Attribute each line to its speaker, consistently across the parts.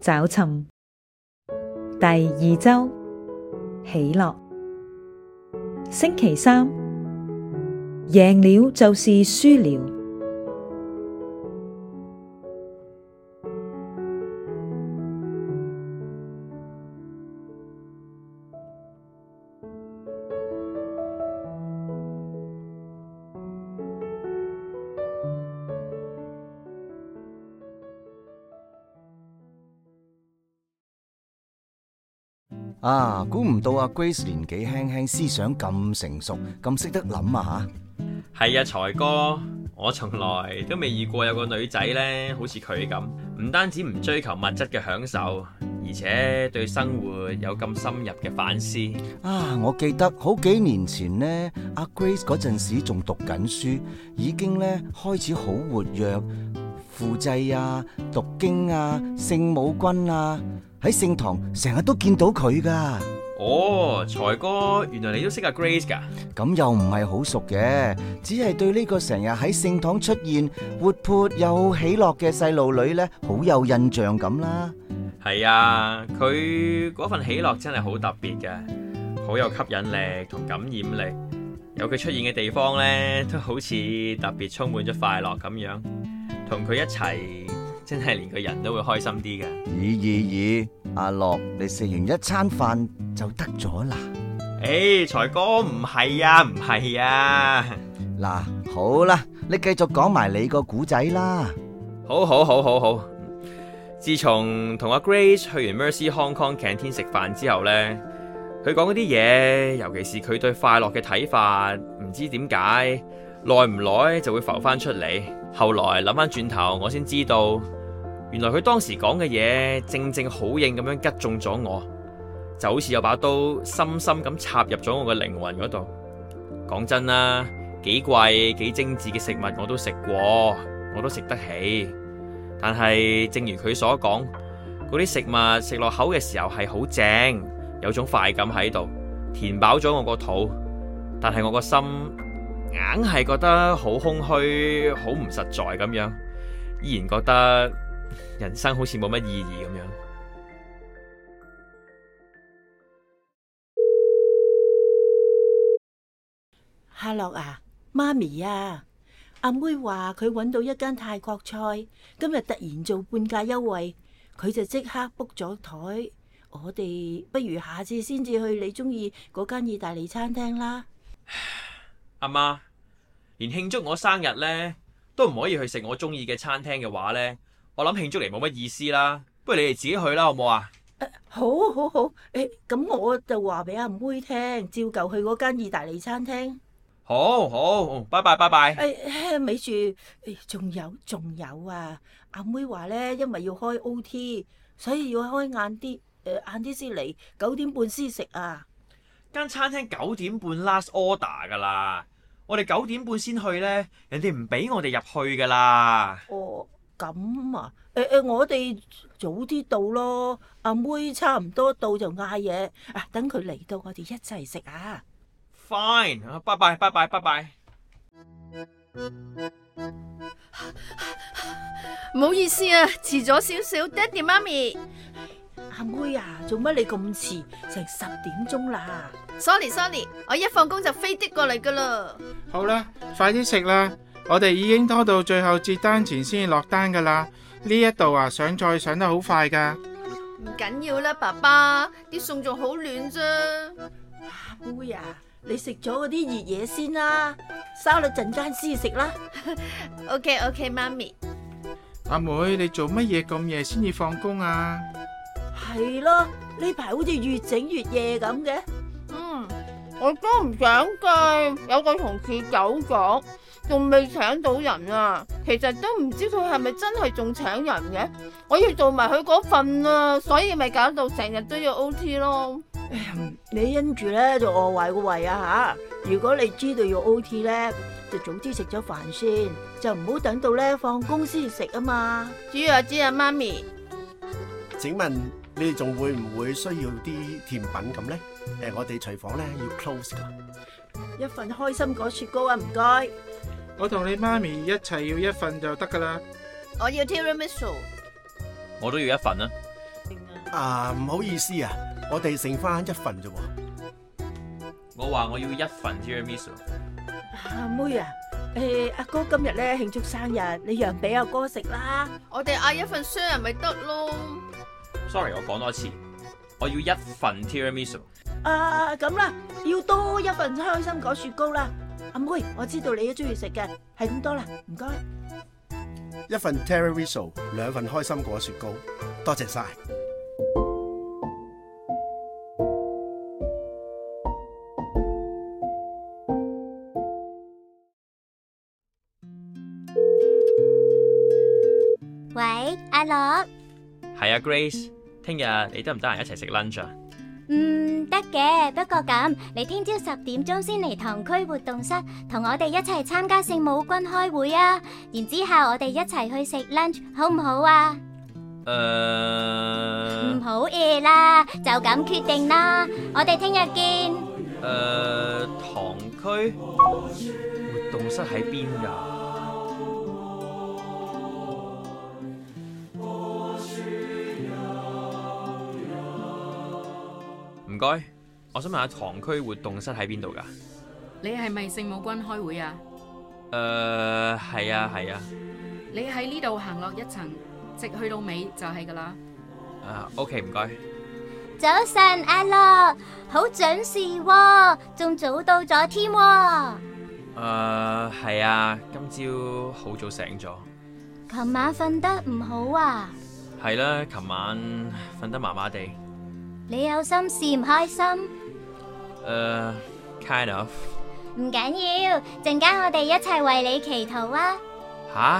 Speaker 1: 找尋第二週喜樂，星期三贏了就是輸了。
Speaker 2: 啊，估唔到阿 Grace 年紀輕輕，思想咁成熟，咁識得諗啊
Speaker 3: 吓！係啊，財哥，我從來都未遇過有個女仔呢，好似佢咁，唔單止唔追求物質嘅享受，而且對生活有咁深入嘅反思。
Speaker 2: 啊，我記得好幾年前呢，阿 Grace 嗰陣時仲讀緊書，已經呢開始好活躍。符啊，讀經啊，聖母軍啊，喺聖堂成日都見到佢㗎。哦，
Speaker 3: 財哥，原來你都識阿 Grace
Speaker 2: 㗎？咁又唔係好熟嘅，只係對呢個成日喺聖堂出現、活潑又喜樂嘅細路女呢，好有印象咁啦。
Speaker 3: 係啊，佢嗰份喜樂真係好特別㗎，好有吸引力同感染力。有佢出現嘅地方呢，都好似特別充滿咗快樂咁樣。同佢一齊，真係連個人都會開心啲噶。
Speaker 2: 咦咦咦？阿樂你食完一餐飯就得咗啦？
Speaker 3: 誒、哎，財哥唔係啊，唔係啊。嗱，
Speaker 2: 好啦，你繼續講埋你個古仔啦。
Speaker 3: 好好好好好。自從同阿 Grace 去完 Mercy Hong Kong Canteen 食飯之後咧，佢講嗰啲嘢，尤其是佢對快樂嘅睇法，唔知點解。耐唔耐就會浮返出嚟。後來諗返轉頭，我先知道原來佢當時講嘅嘢正正好應咁樣拮中咗我，就好似有把刀深深咁插入咗我嘅靈魂嗰度。講真啦，幾貴幾精緻嘅食物我都食過，我都食得起。但係正如佢所講，嗰啲食物食落口嘅時候係好正，有種快感喺度，填飽咗我個肚。但係我個心，硬係覺得好空虛，好唔實在咁樣，依然覺得人生好似冇乜意義咁樣。
Speaker 2: 哈囉啊，媽咪啊，阿妹話佢搵到一間泰國菜，今日突然做半價優惠，佢就即刻 book 咗枱。我哋不如下次先至去你鍾意嗰間意大利餐廳啦。阿
Speaker 3: 媽。媽連慶祝我生日呢，都唔可以去食我鍾意嘅餐廳嘅話呢，我諗慶祝嚟冇乜意思啦。不如你哋自己去啦，好唔好啊？
Speaker 2: 啊，好，好，好。咁我就話俾阿妹聽，照舊去嗰間意大利餐廳。
Speaker 3: 好好，拜拜，拜拜。
Speaker 2: 誒，哎，咪住，誒，仲有，仲有啊！阿妹話呢，因為要開 OT，所以要開晏啲，誒，晏啲先嚟，九點半先食啊。
Speaker 3: 間餐廳九點半 last order 㗎喇。我哋九點半先去呢，人哋唔俾我哋入去㗎喇。
Speaker 2: 哦，咁啊，誒誒，我哋早啲到咯。阿妹差唔多到就嗌嘢，等佢嚟到我哋一齊食啊。
Speaker 3: Fine，拜拜，拜拜，拜拜。
Speaker 2: 唔好意思啊，遲咗少少，爹哋媽咪。阿妹啊，做乜你咁遲？成十點鐘啦！Sorry，Sorry，我一放工就飛的過嚟噶啦。
Speaker 4: 好啦，快啲食啦！我哋已經拖到最後截單前先至落單噶啦。呢一度啊，上菜上得好快噶。
Speaker 2: 唔緊要啦，爸爸，啲餸仲好暖啫。阿妹啊，你食咗嗰啲熱嘢先啦，沙律陣間先食啦。OK，OK，媽咪。
Speaker 4: 阿妹，你做乜嘢咁夜先至放工啊？
Speaker 2: 係咯，呢排好似越整越夜咁嘅。
Speaker 1: 嗯，
Speaker 2: 我都唔想㗎，有個同事走咗，仲未請到人啊。其實都唔知佢係咪真係仲請人嘅啊。我要做埋佢嗰份啊，所以咪搞到成日都要 O T 咯。哎呀、嗯，你因住咧就餓壞個胃啊吓！如果你知道要 O T 咧，就早啲食咗飯先，就唔好等到咧放公司食啊嘛。知啊知啊，媽咪，請問。你哋仲會唔會需要啲甜品咁咧？誒，我哋廚房咧要 close 噶。一份開心果雪糕啊，唔該。
Speaker 4: 我同你媽咪一齊要一份就得噶啦。
Speaker 2: 我要 Tiramisu。
Speaker 3: 我都要一份啦。
Speaker 4: 啊，
Speaker 2: 唔好意思啊，我哋剩翻一份啫。
Speaker 3: 我話我要一份 Tiramisu。
Speaker 2: 阿妹啊，誒，阿哥今日咧慶祝生日，你讓俾阿哥食啦。我哋嗌一份 share 咪得咯。
Speaker 3: Sorry，我講多次，我要一份 Tiramisu。
Speaker 2: 啊，咁啦，要多一份開心果雪糕啦。阿妹，我知道你都中意食嘅，係咁多喇，唔該。一份 Tiramisu，兩份開心果雪糕，多謝晒。
Speaker 4: 喂，阿樂？
Speaker 3: 係啊，Grace。聽日你得唔得閒一齊食 lunch 啊？嗯，
Speaker 4: 得嘅，不過咁，你聽朝十點鐘先嚟堂區活動室同我哋一齊參加聖母軍開會啊！然之後我哋一齊去食 lunch，好唔好啊？誒，唔好嘢啦，就咁決定啦，我哋聽日見。誒，
Speaker 3: 堂區
Speaker 4: 活動室喺邊㗎？
Speaker 3: 唔該，我想問下堂區活動室喺邊度噶？
Speaker 2: 你係咪聖母軍開會啊？誒、
Speaker 3: 呃，係啊係啊。啊
Speaker 4: 你喺呢度行落一層，直去到尾就係噶啦。
Speaker 3: 啊，OK，唔該。
Speaker 4: 早晨，阿樂，好準時喎，哦，仲早到咗添喎。誒、
Speaker 3: 呃，係啊，今朝好早醒咗。
Speaker 4: 琴晚瞓得唔好啊？
Speaker 3: 係啦，啊，琴晚瞓得麻麻哋。
Speaker 4: 你有心事唔開心？
Speaker 3: 誒，uh, kind of。
Speaker 4: 唔緊要，陣間我哋一齊為你祈禱啊！
Speaker 3: 吓，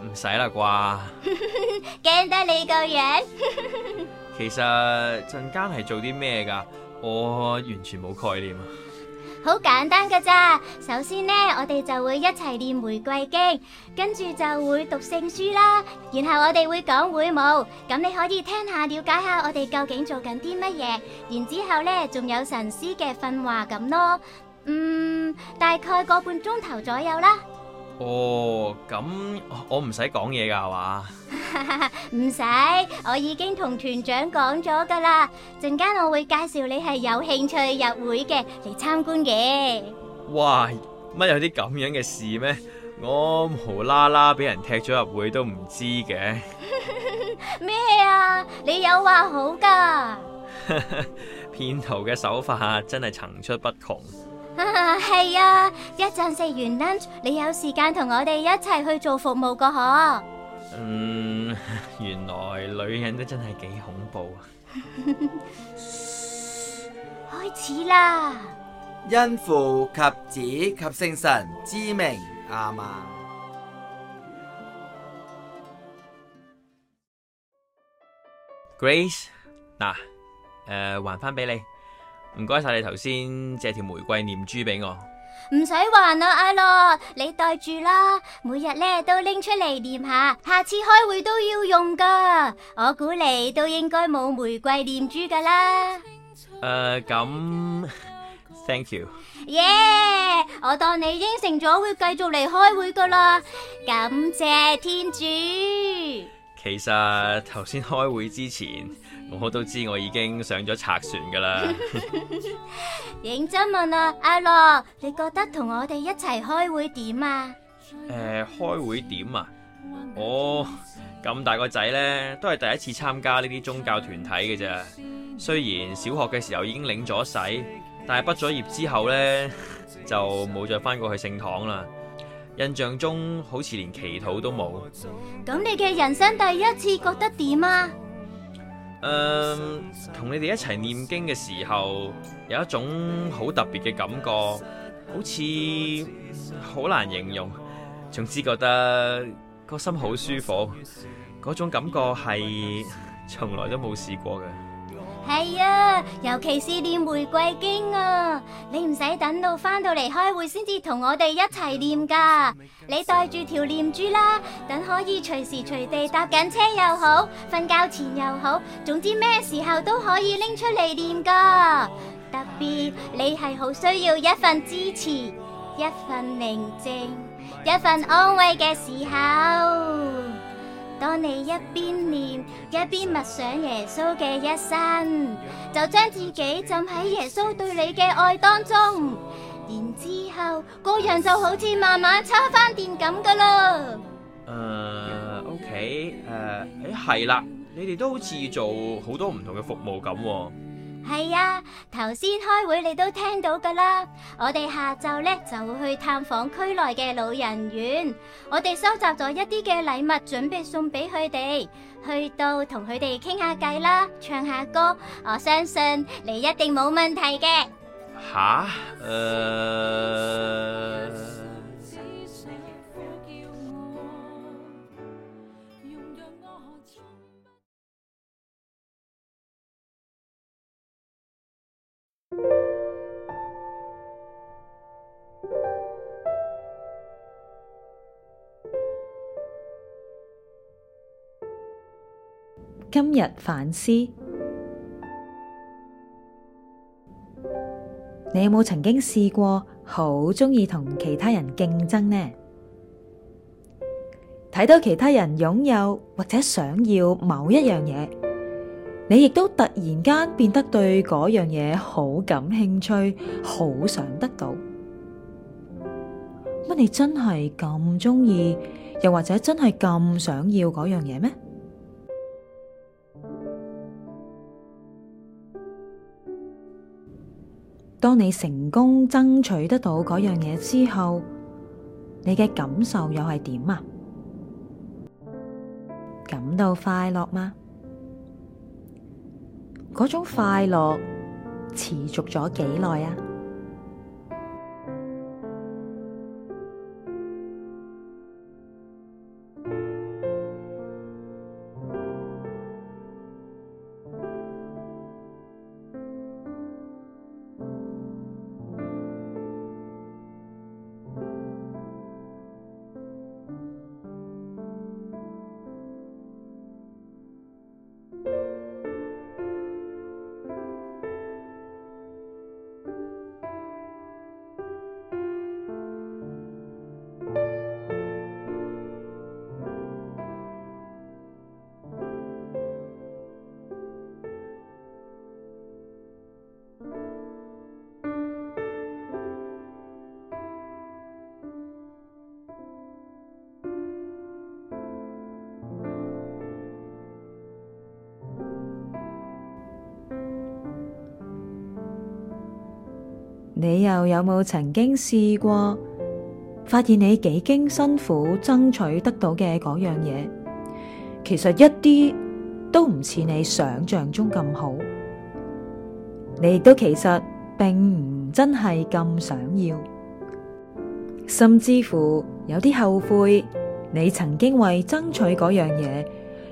Speaker 3: 唔使啦啩。
Speaker 4: 驚得你個樣。
Speaker 3: 其實陣間係做啲咩㗎？我完全冇概念啊。
Speaker 4: 好簡單㗎咋，首先呢，我哋就會一齊念玫瑰經，跟住就會讀聖書啦，然後我哋會講會務，咁你可以聽下了解下我哋究竟做緊啲乜嘢，然之後呢仲有神師嘅訓話咁咯，嗯，大概個半鐘頭左右啦。
Speaker 3: 哦，咁我唔使講嘢噶係嘛？
Speaker 4: 唔使， 我已經同團長講咗噶啦。陣間我會介紹你係有興趣入會嘅嚟參觀嘅。
Speaker 3: 哇，乜有啲咁樣嘅事咩？我無啦啦俾人踢咗入會都唔知嘅。
Speaker 4: 咩 啊？你有話好噶？
Speaker 3: 騙徒嘅手法真係層出不窮。
Speaker 4: 係啊，一陣食完 lunch，你有時間同我哋一齊去做服務個可？嗯，
Speaker 3: 原來女人都真係幾恐怖啊！
Speaker 4: 開始啦了，因
Speaker 2: 父及子及聖神之名阿們
Speaker 3: Grace，嗱、啊，誒、呃，還翻俾你。唔該晒你頭先借條玫瑰念珠俾我。
Speaker 4: 唔使還啦，阿樂，你袋住啦，每日咧都拎出嚟念下。下次開會都要用噶，我估你都應該冇玫瑰念珠噶啦。
Speaker 3: 誒、呃，咁 ，Thank you，
Speaker 4: 耶，yeah, 我當你應承咗會繼續嚟開會噶啦，感謝天主。
Speaker 3: 其實頭先開會之前，我都知我已經上咗賊船噶啦。
Speaker 4: 認真問啊，阿樂，你覺得同我哋一齊開會點啊？
Speaker 3: 誒、欸，開會點啊？哦，咁大個仔咧，都係第一次參加呢啲宗教團體嘅啫。雖然小學嘅時候已經領咗洗，但係畢咗業之後咧，就冇再翻過去聖堂啦。印象中好似連祈禱都冇。
Speaker 4: 咁你嘅人生第一次覺得點啊？
Speaker 3: 嗯，同你哋一齊念經嘅時候，有一種好特別嘅感覺，好似好難形容。總之覺得個心好舒服，嗰種感覺係從來都冇試過嘅。
Speaker 4: 係啊，hey、yeah，尤其是念玫瑰經啊，你唔使等到返到嚟，開會先至同我哋一齊念噶。that 你帶住條念珠啦，等可以隨時隨地搭緊車又好，瞓覺前又好，總之咩時候都可以拎出嚟念噶。特別你係好需要一份支持、一份寧靜、一份安慰嘅時候。當你一邊念一邊默想耶穌嘅一生，就將自己浸喺耶穌對你嘅愛當中，然之後個人就好似慢慢插翻電咁㗎喇。誒、uh，OK，
Speaker 3: 誒、uh, 哎，係啦，你哋都好似做好多唔同嘅服務咁。
Speaker 4: 係呀，頭先、啊、開會你都聽到噶啦。我哋下晝呢就會去探訪區內嘅老人院，我哋收集咗一啲嘅禮物，準備送俾佢哋。去到同佢哋傾下偈啦，唱下歌。我相信你一定冇問題嘅。
Speaker 3: 吓，呃
Speaker 1: 今日反思，你有冇曾經試過好中意同其他人競爭呢？睇到其他人擁有或者想要某一樣嘢，你亦都突然間變得對嗰樣嘢好感興趣，好想得到。乜你真係咁中意，又或者真係咁想要嗰樣嘢咩？當你成功爭取得到嗰樣嘢之後，你嘅感受又係點呀？感到快樂嗎？嗰種快樂持續咗幾耐呀？你又有冇曾經試過發現你幾經辛苦爭取得到嘅嗰樣嘢，其實一啲都唔似你想象中咁好。你亦都其實並唔真係咁想要，甚至乎有啲後悔你曾經為爭取嗰樣嘢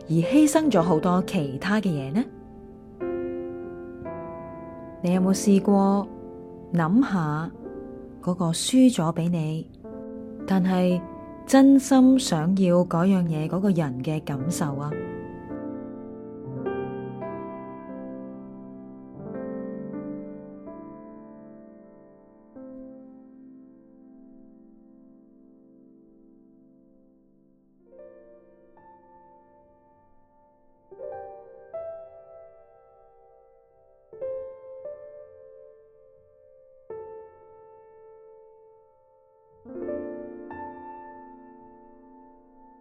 Speaker 1: 而犧牲咗好多其他嘅嘢呢？你有冇試過？諗下嗰個輸咗俾你，但係真心想要嗰樣嘢，嗰個人嘅感受啊！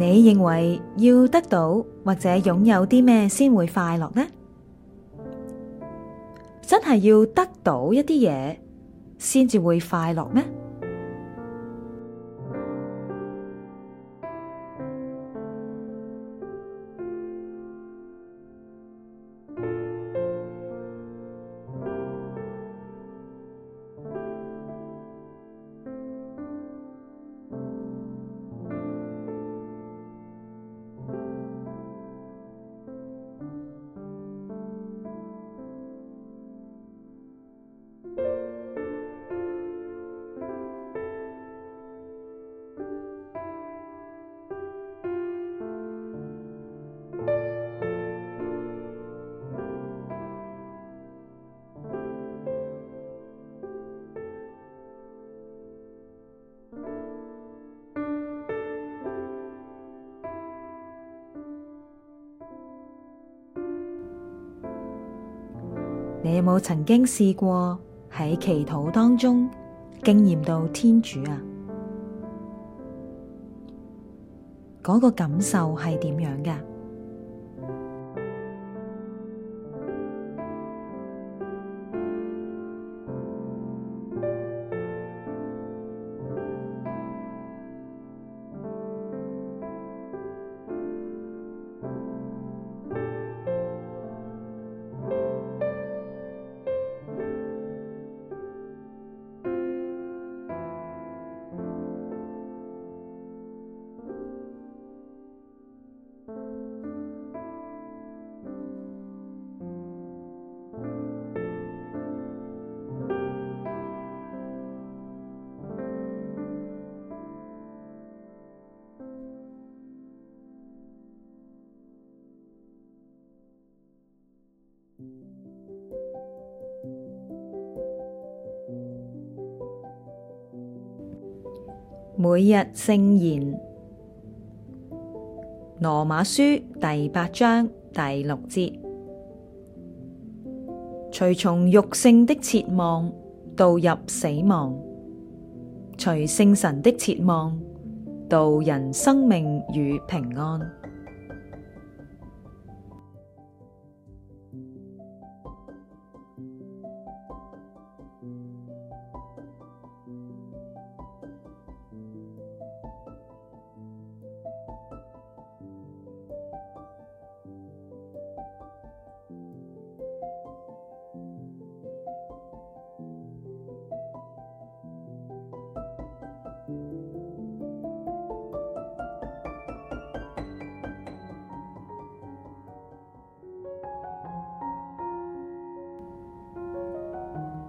Speaker 1: 你認為要得到或者擁有啲咩先會快樂呢？真係要得到一啲嘢，先至會快樂咩？你有冇曾經試過喺祈禱當中經驗到天主啊？嗰個感受係點樣㗎？每日聖言，羅馬書第八章第六節：隨從肉性的切望，導入死亡；隨聖神的切望，導人生命與平安。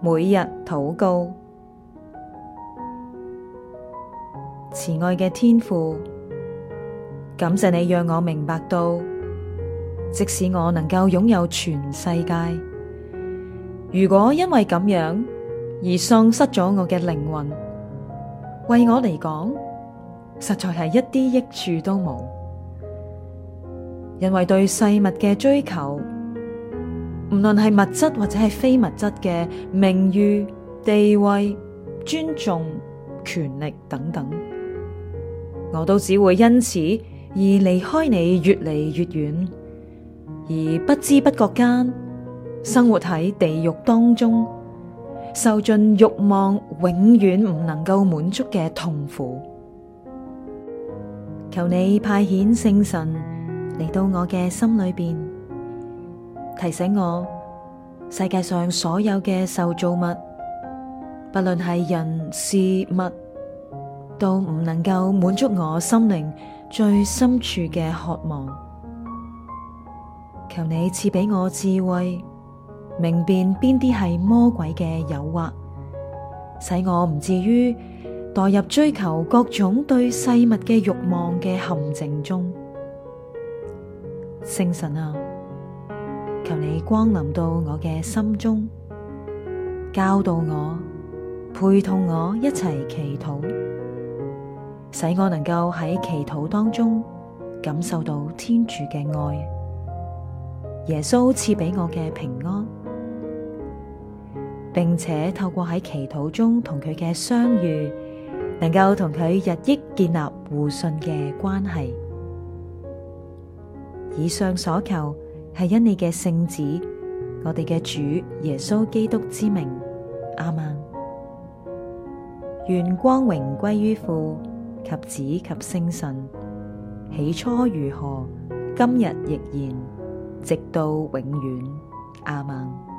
Speaker 1: 每日禱告，慈愛嘅天父，感謝你讓我明白到，即使我能夠擁有全世界，如果因為咁樣而喪失咗我嘅靈魂，為我嚟講，實在係一啲益處都冇，因為對世物嘅追求。無論係物質或者係非物質嘅名譽、地位、尊重、權力等等，我都只會因此而離開你越嚟越遠，而不知不覺間生活喺地獄當中，受盡慾望永遠唔能夠滿足嘅痛苦。求你派遣聖神嚟到我嘅心裏邊。提醒我，世界上所有嘅受造物，不論係人事物，都唔能夠滿足我心靈最深處嘅渴望。求你賜俾我智慧，明辨邊啲係魔鬼嘅誘惑，使我唔至於墮入追求各種對世物嘅欲望嘅陷阱中。聖神啊！求你光臨到我嘅心中，教導我，陪同我一齊祈禱，使我能夠喺祈禱當中感受到天主嘅愛，耶穌賜俾我嘅平安，並且透過喺祈禱中同佢嘅相遇，能夠同佢日益建立互信嘅關係。以上所求。係因你嘅聖子，我哋嘅主耶穌基督之名，阿門。願光榮歸於父及子及聖神，起初如何，今日亦然，直到永遠，阿門。